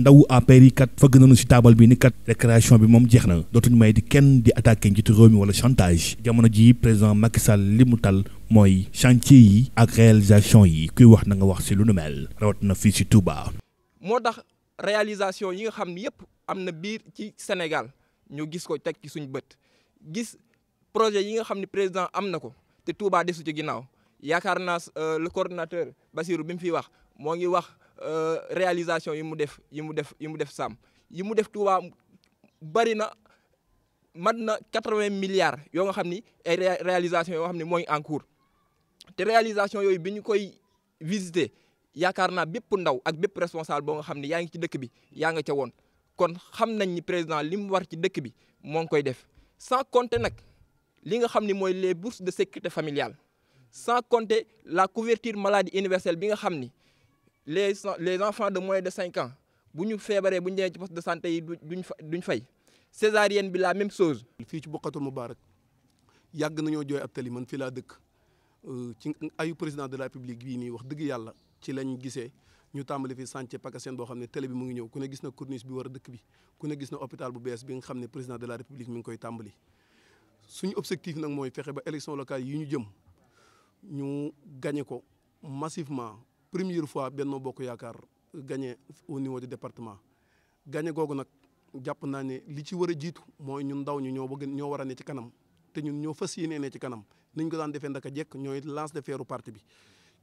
ndaw APR yi kat fëgg nañu ci taabal bi ni kat récréation bi moom jeex na dootuñu may di kenn di attaqué njiitu réew mi wala chantage jamono ji président Macky Sall li mu tal mooy chantier yi ak réalisation yi kuy wax na nga wax si lu nu mel rawat na fii si Touba. moo tax réalisation yi nga xam ni yëpp am na biir ci Sénégal ñu gis ko teg ci suñu bët gis projet yi nga xam ni président am na ko te Touba desu ci ginnaaw yaakaar naa euh, le coordinateur Bassirou bi wax moo ngi wax euh, réalisation yi mu def yi mu def yi mu def sàmm yi mu def Touba bari na mat na quatre-vingts milliards yoo nga xam ni ay réalisation yoo xam ni mooy ngi en cours te réalisation yooyu bi ñu koy visiter yaakaar naa bépp ndaw ak bépp responsable boo nga xam ni yaa ngi ci dëkk bi yaa nga ca woon kon xam nañ ni président li mu war ci dëkk bi moo ngi koy def sans compter nag li nga xam ni mooy les bourses de sécurité familiale sans compter la couverture maladi universelle bi nga xam ni les les enfants de mois de cinq ans bu ñu feebaree bu ñu demee ci poste de santé yi duñ fa duñ fay césarienne bi la même chose. fii ci Boukhatoul Moubarak yàgg nañoo jooy ab tali man fii laa dëkk euh, ci ayu président de la République bii nii wax dëgg yàlla ci lañ gisee ñu tàmbali fi chantier PACASEN boo xam ne télé bi mu ngi ñëw ku ne gis na corniche bi war a dëkk bi ku ne gis na hôpital bu bees bi nga xam ne président de la République mi ngi koy tàmbali. suñu objectif nag mooy fexe ba élection yi ñu jëm ñu gagné ko massivement. première fois Benno Bokk Yaakaar gagné au niveau du département gagné googu nag jàpp naa ne li ci war a jiitu mooy ñun ndaw ñu ñoo bëgg ñoo war a ne ci kanam te ñun ñoo fas yéenee ne ci kanam niñ ko daan defee ndaka jekk ñooy lance de feeru parti bi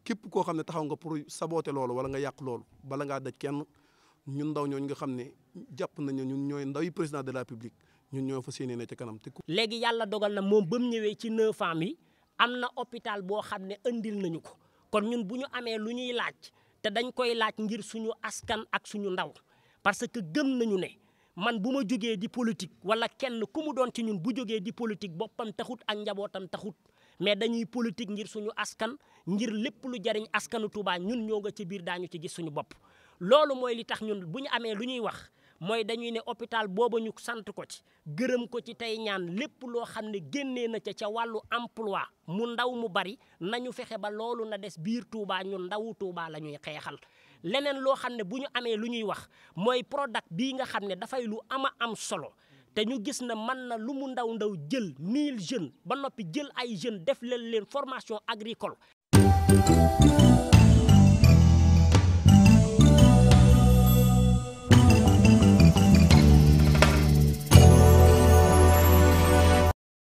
képp koo xam ne taxaw nga pour saboter loolu wala nga yàq loolu bala ngaa daj kenn ñun ndaw ñooñu nga xam ne jàpp nañu ñun ñooy ndaw yi président de la République ñun ñoo fas yéenee ne ci kanam te. léegi yàlla dogal na moom ba mu ñëwee ci neuf femmes yi am na hôpital boo xam ne andil nañu ko. kon ñun bu ñu amee lu ñuy laaj te dañ koy laaj ngir suñu askan ak suñu ndaw parce que gën nañu ne man bu ma jógee di politique wala kenn ku mu doon ci ñun bu jógee di politique boppam taxut ak njabootam taxut mais dañuy politique ngir suñu askan ngir lépp lu jariñ askanu Touba ñun ñoo nga ci biir daañu ci gis suñu bopp loolu mooy li tax ñun bu ñu amee lu ñuy wax mooy dañuy ne hôpital booba ñu sant ko ci gërëm ko ci tey ñaan lépp loo xam ne génnee na ca ca wàllu emploi mu ndaw mu bari nañu fexe ba loolu na des biir Touba ñu ndaw Touba lañuy xeexal leneen loo xam ne bu ñu amee lu ñuy wax mooy Prodac bii nga xam ne dafay lu ama am solo te ñu gis na mën na lu mu ndaw ndaw jël 1000 jeunes ba noppi jël ay jeunes def leen leen formation agricole